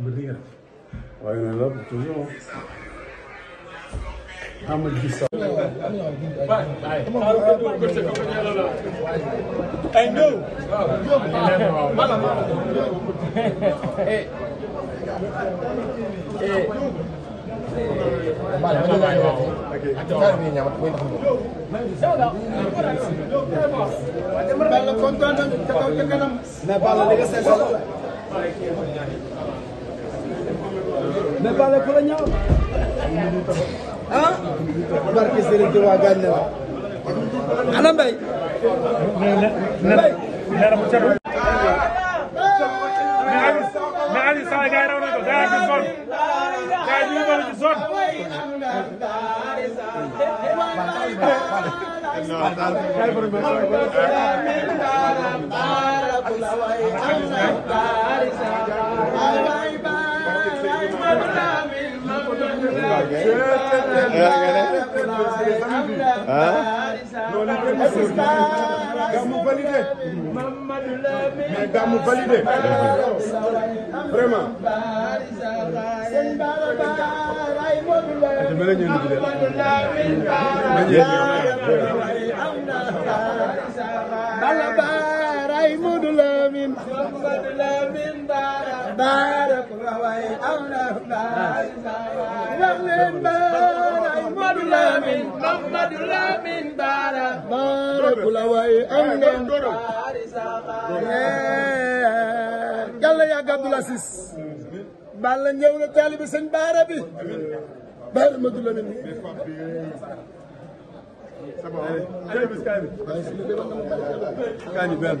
mbir di nga def waaye nag loolu toujours amul gis sa I know. Balla kontaan na ca kaw ca kanam. Mais Balla li nga seetal mais Balla ku la ñaaw ah barke Serigne Touba gaañ na la ana mbay mbay mais Aliou Sall gars yi raw na ko gars yi ñu sonn gars yi ñu mën a sonn non gàmmu validé mais gàmmu validé vraiment. Bala baray Modou Lamine way aw na baay wax leen baaraay Madu Lamin Madu Lamin baara baara ku la way aw na yàlla yàgg Abdou Aziz bal la ñëw na taalibi sëñ baara bi baara Madu Lamin Kaani benn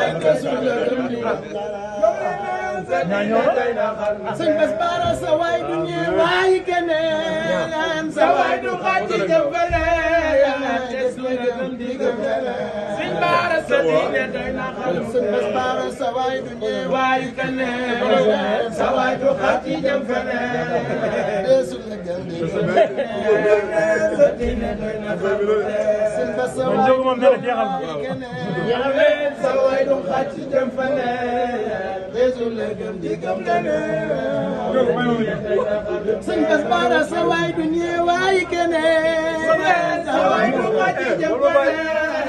sëñ Bass Bara sa waay du ñëw waay keneen sa waay du xaj ci jëm sëñ Bara sa diine doy na xal sëñ Bass Bara sa waay du ñëw waay keneen sa waay du xaj ci jëm feneen man jóg moom nee na jeexal na. yàlla mel sa waay du xàcc dem fa ne. bésu la gëm di gëm la ne. sëñ Bas Bara sa waay du ñëwaay keneen. sa waay du xàcc dem fa ne.